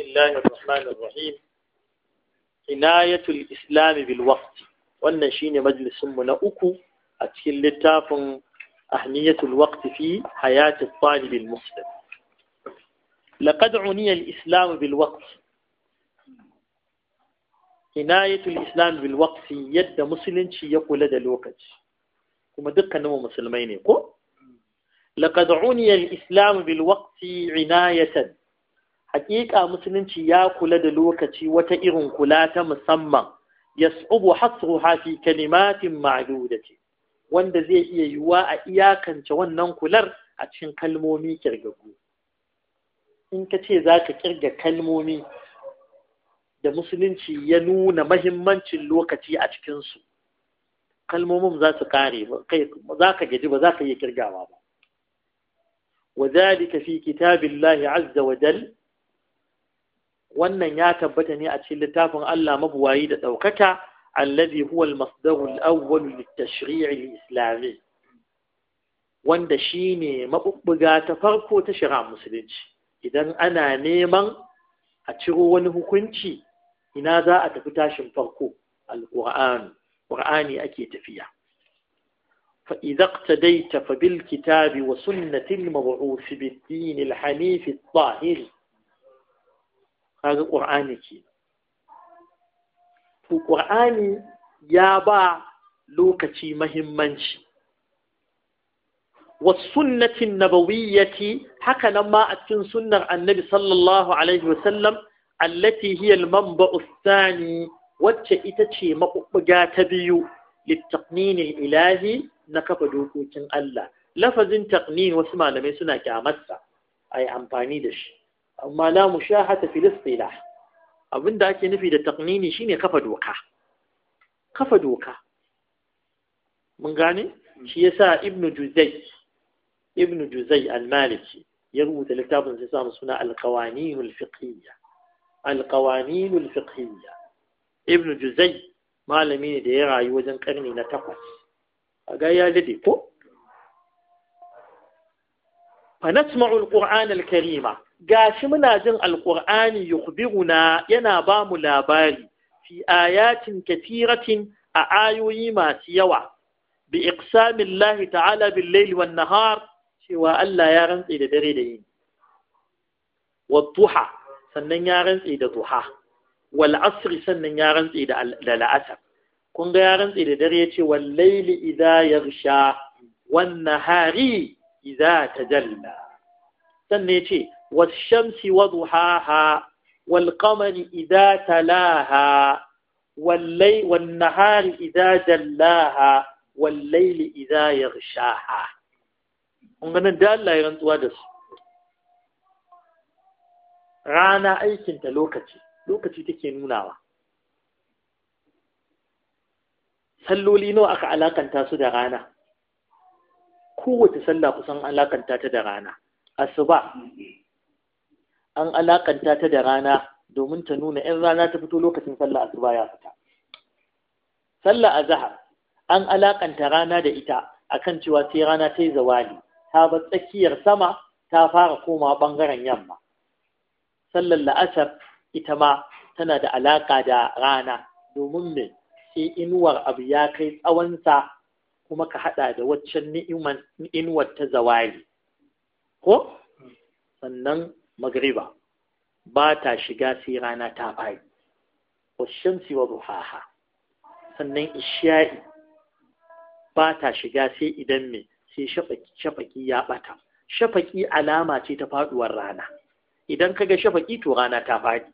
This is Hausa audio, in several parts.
بسم الله الرحمن الرحيم عناية الإسلام بالوقت والنشين مجلس منأكو أتكل لتاف أهمية الوقت في حياة الطالب المسلم لقد عني الإسلام بالوقت عناية الإسلام بالوقت يد مسلم يقول لدى الوقت كما دقا نمو مسلمين يقول لقد عني الإسلام بالوقت عناية haƙiƙa musulunci ya kula da lokaci wata irin kula ta musamman yas'ubu hasruha fi kalimatin ma'dudati wanda zai iya yiwuwa a iyakance wannan kular a cikin kalmomi kirgagu in ka ce za ka kirga kalmomi da musulunci ya nuna mahimmancin lokaci a cikinsu kalmomin za su kare za ka gaji ba za ka iya kirgawa ba وذلك في كتاب الله عز وجل wannan ya tabbata ne a cikin littafin Allah mabuwayi da ɗaukaka allazi huwa al-masdaru al-awwal lit-tashri' al-islami wanda shine mabubbuga ta farko ta shari'a musulunci idan ana neman a ciro wani hukunci ina za a tafi tashin farko al-qur'an qur'ani ake tafiya fa idza iqtadayta fa bil kitabi wa sunnati al-mab'uth bid-din al-hanif tahir kaga ƙur'ani ke to ƙur'ani ya ba lokaci mahimmanci wasunnatin nabawiyyati haka nan ma a cikin sunnar annabi sallallahu alaihi wasallam allati hiya al-manba'u thani wacce ita ce maɓuɓɓuga ta biyu littaqninil ilahi na kafa dokokin Allah lafazin taqnin wasu malamai suna kyamarsa ai amfani da shi amma la mushahata fil istilah abinda ake nufi da taqnini shine kafa doka kafa doka mun gane shi yasa ibnu juzai ibnu juzai al-maliki ya rubuta littafin sai samu suna al-qawanin al-fiqhiyya al-qawanin al-fiqhiyya ibnu juzai malami ne da ya rayu wajen karni na takwas a ga ya dade ko fa nasma'u karima gashi muna jin alqur'ani yukhbiruna yana ba mu labari fi ayatin katiratin a ayoyi masu yawa bi iqsamillahi ta'ala bil layli wan nahar cewa Allah ya rantse da dare da yini wa duha sannan ya rantse da duha wal asri sannan ya rantse da la'asar kun ga ya rantse da dare ya ce wal laili idza yaghsha wan nahari idza tajalla sannan ya ce والشمس وضحاها والقمر إذا تلاها والليل والنهار إذا جلاها والليل إذا يغشاها wannan da Allah rantsuwa da su rana aikinta lokaci lokaci take nunawa salloli nawa aka alakanta su da rana kowace sallah kusan alakanta ta da rana asuba an alakanta ta da rana domin ta nuna 'yan rana ta fito lokacin sallah asuba ya fita sallah azhar an alakanta rana da ita akan cewa sai rana ta yi zawali ta bar tsakiyar sama ta fara koma ɓangaren yamma sallar la'asar ita ma tana da alaƙa da rana domin me sai inuwar abu ya kai tsawonsa kuma ka haɗa da waccan ni'imar inuwar ta zawali ko hmm. sannan magriba ba ta shiga sai rana ta wa shamsi wa duhaha sannan isha'i ba ta shiga sai idan me sai shafaki ya bata, shafaki alama ce ta faduwar rana idan kaga shafaki to rana ta fadi,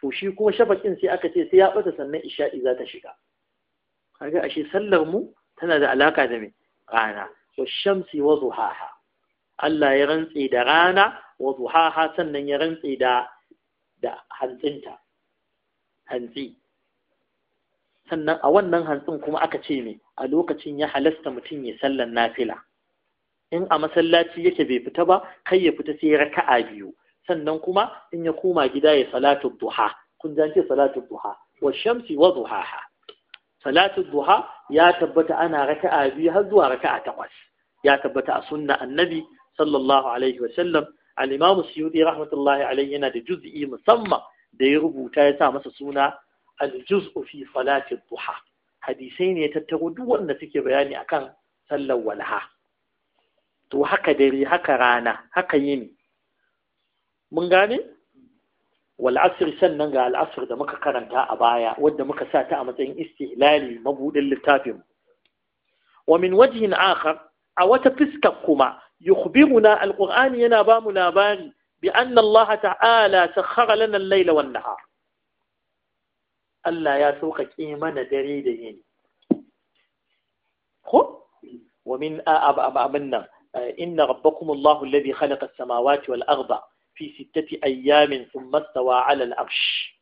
to shi kuma shafakin sai aka ce sai ya bata sannan isha'i za ta shiga kaga ashe sallar mu tana da alaka da me rana wa shamsi wa duhaha Allah ya rantse da rana Waduhaha duhaha sannan ya rantse da da hantsinta hantsi sannan a wannan hantsin kuma aka ce me a lokacin ya halasta mutum ya sallan nafila in a masallaci yake bai fita ba kai ya fita sai raka'a biyu sannan kuma in ya koma gida ya salatu duha kun ji ce salatu duha wa shamsi wa duhaha salatu duha ya tabbata ana raka'a biyu har zuwa raka'a takwas ya tabbata a sunna annabi sallallahu alaihi wa sallam Alimamu imam rahmatullahi alayhi yana da juz'i musamman da ya rubuta ya sa masa suna al-juz'u fi salati duha hadisai ne ya tattaro duk wanda suke bayani akan sallar walha to haka dare haka rana haka yini mun gane wal asr sannan ga al asr da muka karanta a baya wadda muka sa ta a matsayin istihlali mabudin littafin wa min wajhin akhar a wata fiskar kuma يخبرنا القرآن ينابا منابان بأن الله تعالى سخر لنا الليل والنهار الله يسوق إيمان دريدين خب ومن أب أب أبنا إن ربكم الله الذي خلق السماوات والأرض في ستة أيام ثم استوى على الأرش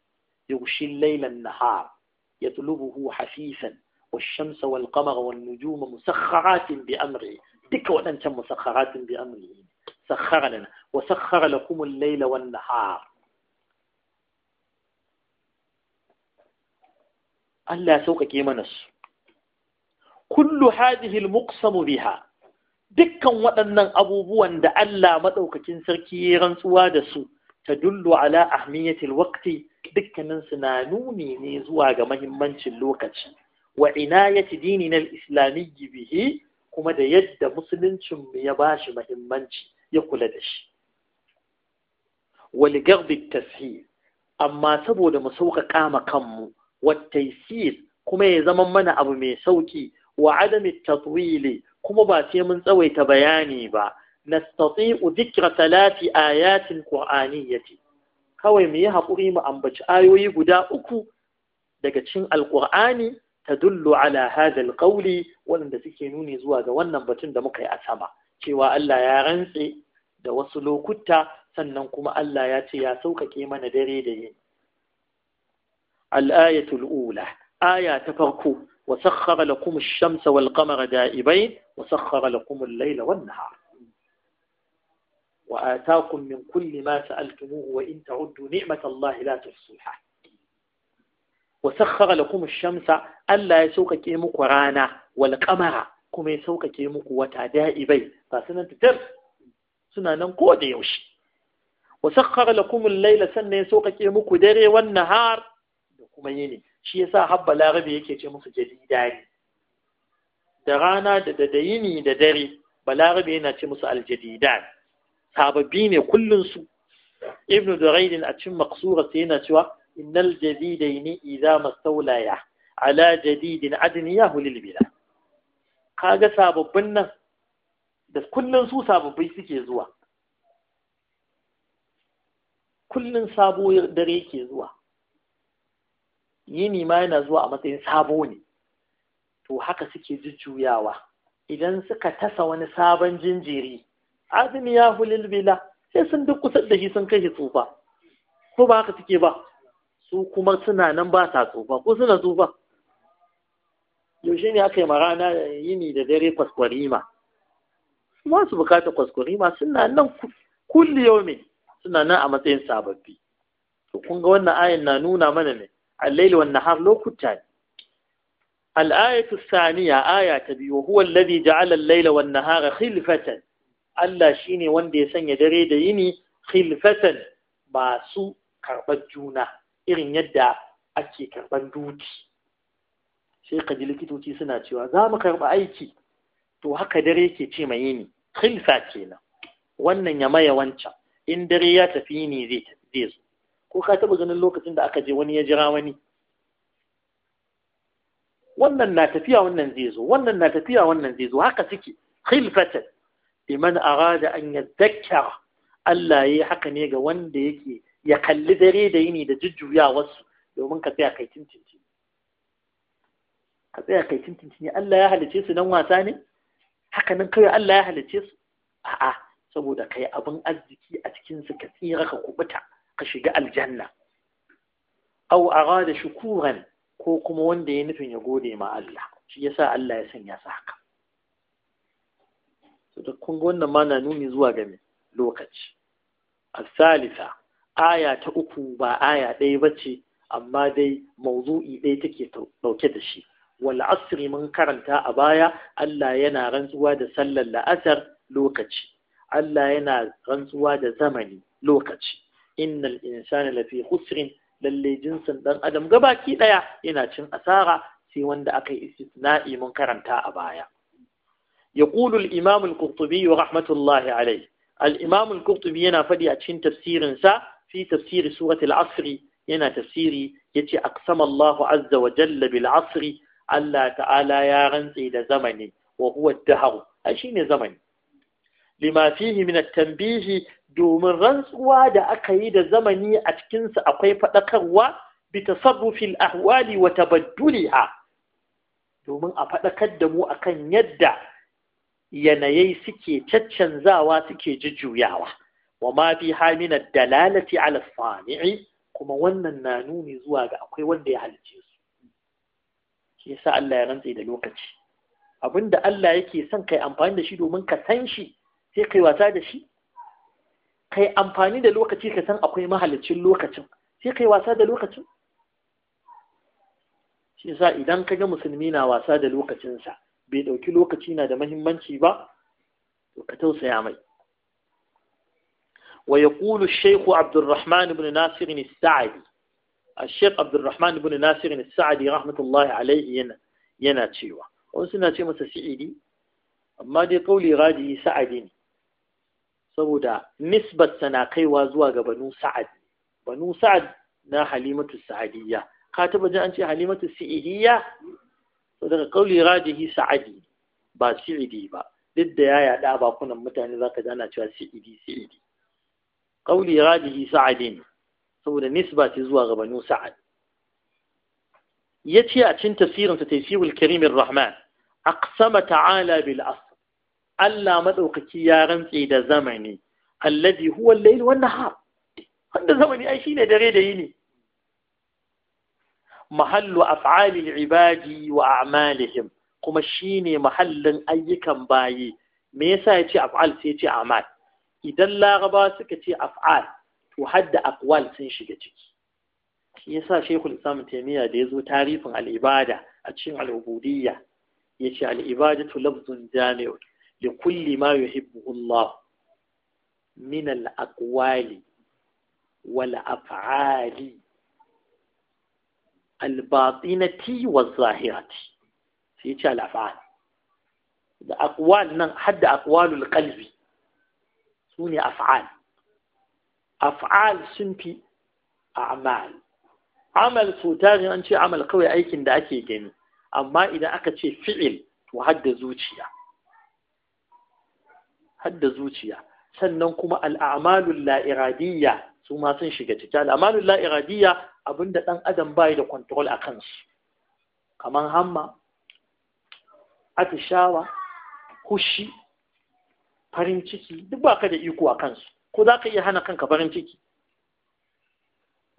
يغشي الليل النهار يطلبه حفيفا والشمس والقمر والنجوم مسخرات بأمره بك وأنت مسخرات بأمره سخر لنا وسخر لكم الليل والنهار ألا سوق كيمنس كل هذه المقسم بها دكا وأن أبو بوان دا ألا مدوك كنسر كيران تدل على أهمية الوقت دكا ننسنا نوني نيزواغ مهمانش اللوكتش وعناية ديننا الإسلامي به kuma da yadda musuluncin ya ba shi mahimmanci ya kula da shi garbi tasir, amma saboda mu sauƙaƙa ma kanmu wattaisir kuma ya zama mana abu mai sauƙi wa adami tatwili kuma ba sai mun tsawaita bayani ba nastati'u zikira talati ayatin ce. kawai mu yi haƙuri mu ambaci ayoyi guda uku daga cikin alƙur'ani tadullu ala hadha alqawli waɗanda suke nuni zuwa ga wannan batun da muka yi a sama cewa Allah ya rantse da wasu lokuta sannan kuma Allah ya ce ya sauƙaƙe mana dare da yin. al ula aya ta farko wa sakhkhara lakum ash-shamsa wal qamara da'ibain wa sakhkhara lakum al-layla wan nahar wa ataakum min kulli ma sa'altumuhu wa in ta'uddu ni'matallahi la tuhsuha wa sakhkhara lakum ash-shamsa Allah ya saukake muku rana wal qamara kuma ya saukake muku wata da'ibai ba sunan titir suna nan ko da yaushe wa sakhkhara lakum al-layla sannan ya saukake muku dare wan nahar da kuma yini shi yasa habba larabi yake ce musu jadidani da rana da da da dare balarabe yana ce musu aljadidan Sababi ne kullun su ibnu duraidin a cikin maqsura yana cewa innal jadidaini idza mastawlaya ala jadidin adniyahu lil bila kaga sababbin nan da kullun su sababbai suke zuwa kullun sabo dare yake zuwa yini ma yana zuwa a matsayin sabo ne to haka suke jujjuyawa idan suka tasa wani sabon jinjiri azumi ya hulil bila sai sun duk kusa da shi sun kai shi tsufa ko ba haka suke ba su kuma suna nan ba sa tsufa ko suna tsufa yaushe ne aka yi ma rana yini da dare kwaskwarima ma su bukata kwaskwarima suna nan kulli yau ne suna nan a matsayin sababbi to kun ga wannan ayin na nuna mana ne al-lail wan nahar lokuta ne الآية الثانية آية تبي وهو الذي جعل الليل والنهار خلفة Allah shi ne wanda ya sanya dare da yini masu karɓar juna irin yadda ake karɓar duti sai ka ji likitoci suna cewa za mu karɓi aiki to haka dare yake ce mai yini khilfa kenan wannan ya maye wancan in dare ya tafi ne zai zai zo ko ka taɓa ganin lokacin da aka je wani ya jira wani wannan na tafiya wannan zai zo wannan na tafiya wannan zai zo haka suke khilfatan liman arada an yadhakkara Allah yayi haka ne ga wanda yake ya kalli dare da yini da jujjuyawarsu domin ka tsaya kai tintinci ka tsaya kai tintinci ne Allah ya halice su nan wasa ne haka nan kawai Allah ya halice su a'a saboda kai abun arziki a cikin su ka tsira ka kubuta ka shiga aljanna aw arada shukuran ko kuma wanda ya nufin ya gode ma Allah shi yasa Allah ya sanya su haka to kun ga wannan ma na nuni zuwa ga lokaci الثالثة aya ta uku ba aya ɗaya ba ce amma dai mauzu'i ɗaya take ɗauke da shi wal asri mun karanta a baya Allah yana rantsuwa da sallar la'asar lokaci Allah yana rantsuwa da zamani lokaci innal insana lafi khusrin lalle jinsin dan adam gabaki daya yana cin asara sai wanda aka yi istisna'i mun karanta a baya يقول الإمام القرطبي رحمة الله عليه الإمام القرطبي ينافدي أتشين تفسير سا fi tafsiri suratul asri yana tafsiri yace aqsama Allahu azza wa jalla bil Allah ta'ala ya rantse da zamani wa huwa ad-dahr ai shine zamani lima fihi min domin rantsuwa da aka yi da zamani a cikin sa akwai fadakarwa bita tasarrufil ahwali wa tabadduliha domin a fadakar da mu akan yadda yanayi suke caccanzawa suke jujjuyawa wa ma fi hamina dalalati ala sami'i kuma wannan na nuni zuwa ga akwai wanda ya halice su shi yasa Allah ya rantse da lokaci abinda Allah yake son kai amfani da shi domin ka san shi sai kai wasa da shi kai amfani da lokaci ka san akwai mahalicin lokacin sai kai wasa da lokacin shi yasa idan ka ga musulmi na wasa da lokacinsa bai ɗauki lokaci na da mahimmanci ba to ka tausaya mai ويقول الشيخ عبد الرحمن بن ناصر السعدي الشيخ عبد الرحمن بن ناصر السعدي رحمة الله عليه ينا ينا تشيوا وسنا تشي مسا دي قولي غادي سعدي saboda nisbar sana kaiwa zuwa ga banu sa'ad banu sa'ad na halimatu sa'adiyya ka taba ji an ce halimatu sa'idiyya to daga kauli rajihi sa'adi ba sa'idi ba duk da ya yada ba kunan mutane zaka ji cewa ƙauli rajihi sa'adin saboda nisba ce zuwa ga banu sa'ad ya ce a cin tafsirinsa tafsirul karimin rahman aqsama ta'ala bil asr Allah madaukaki ya rantse da zamani allazi huwa al-layl wan nahar zamani ai shine dare da yini mahallu af'ali al-ibadi wa a'malihim kuma shine mahallin ayyukan bayi me yasa yace af'al sai yace a'mal idan laraba suka ce af'al to hadda aqwal sun shiga ciki shi yasa shekul islam taimiyya da ya zo tarifin al'ibada a cikin al'ubudiyya ya ce al'ibadatu lafzun jami'u li kulli ma yuhibbuhu Allah min al-aqwali wal af'ali al-batinati zahirati sai ya ce al-af'al da aqwal nan hadda aqwalul qalbi su ne af'al af'al sun fi a'mal amal so tarin an ce amal kawai aikin da ake gani amma idan aka ce fi'il to hadda zuciya hadda zuciya sannan kuma al'amalul la'iradiyya su ma sun shiga ciki al'amalul la'iradiyya abinda ɗan adam bayi da control a kansu kamar hamma atishawa hushi farin ciki duk ba ka da iko a kansu ko za ka iya hana kanka farin ciki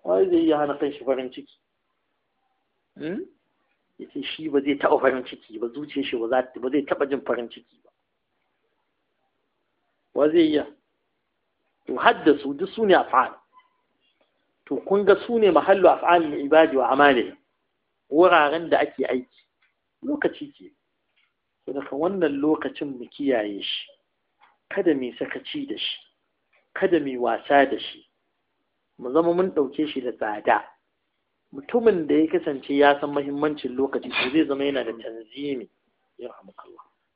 wai zai iya hana kanshi farin ciki hmm? ya ce shi ba zai taɓa farin ciki ba zuciya shi ba zai taɓa jin farin ciki ba wa zai iya to haddasu duk su ne a af'al to kun ga su ne mahallu af'al na ibadi wa amale wuraren da ake aiki lokaci ke to daga wannan lokacin mu kiyaye shi kada mai sakaci da shi kada mai wasa da shi mu zama mun ɗauke shi da tsada mutumin da ya kasance ya san mahimmancin lokaci to zai zama yana da tanzimi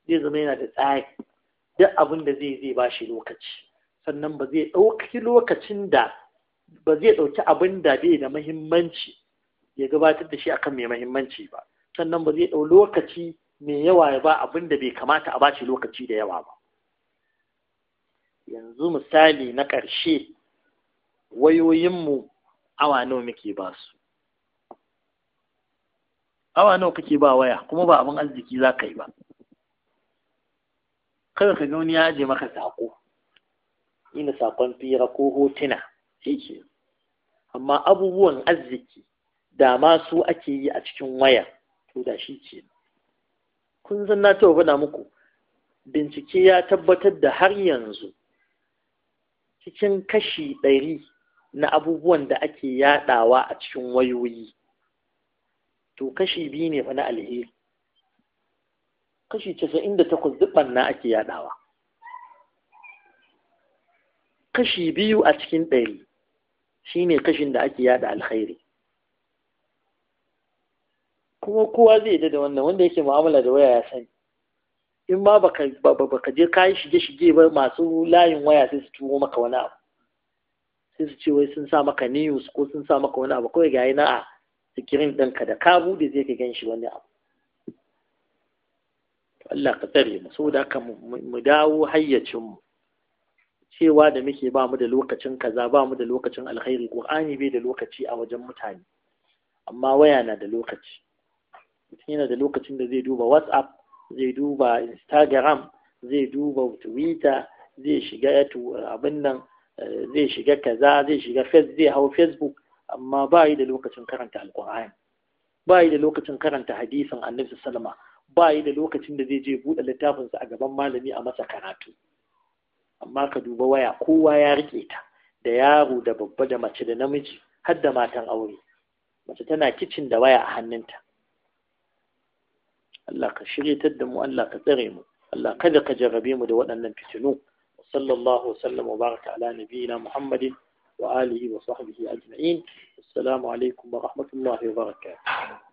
zai zama yana da tsari duk abin da zai zai bashi lokaci sannan ba zai ɗauki lokacin da ba zai ɗauki abin da bai da mahimmanci ya gabatar da shi akan mai mahimmanci ba sannan ba zai ɗau lokaci mai yawa ya ba abin da bai kamata a bashi lokaci da yawa ba yanzu misali na ƙarshe wayoyinmu awa nawa muke ba su awa nawa kake ba waya kuma ba abin arziki za ka yi ba kada ka ga wani ya je maka saƙo ina saƙon fira ko hotuna shi ke amma abubuwan arziki da ma su ake yi a cikin waya to da shi ke kun san na taɓa faɗa muku bincike ya tabbatar da har yanzu cikin kashi ɗari na abubuwan da ake yaɗawa a cikin wayoyi to kashi biyu ne fa na alheri kashi casa'in da takwas duk na ake yaɗawa kashi biyu a cikin ɗari shine kashin da ake yaɗa alkhairi kuma kowa zai da wannan wanda yake mu'amala da waya ya sani in ma baka ka je kayan shige shige ba masu layin waya sai su tuwo maka wani abu sai su ce wai sun sa maka news ko sun sa maka wani abu kawai ga na a sikirin ɗanka da ka bude zai ka gan shi wani abu Allah ka tsare mu da haka mu dawo hayyacin mu cewa da muke ba mu da lokacin kaza ba mu da lokacin alkhairi qur'ani bai da lokaci a wajen mutane amma waya na da lokaci mutum yana da lokacin da zai duba whatsapp zai duba instagram zai duba twitter zai shiga eh, eh, abin nan eh, zai shiga kaza zai shiga zai hau facebook amma ba yi da lokacin karanta alkur'ani ba yi da lokacin karanta hadisin annabi sallama ba yi da lokacin da zai je buɗe littafinsa a gaban malami a masa karatu amma ka duba waya kowa ya rike ta da yaro da babba da mace da namiji har da matan aure mace tana kicin da waya a hannunta Allah ka shiryatar da mu Allah ka tsare mu Allah kada ka jarrabe mu da waɗannan fitinu sallallahu wasallam wa baraka ala nabiyina muhammadin wa alihi wa sahbihi ajma'in assalamu alaikum wa rahmatullahi wa barakatuh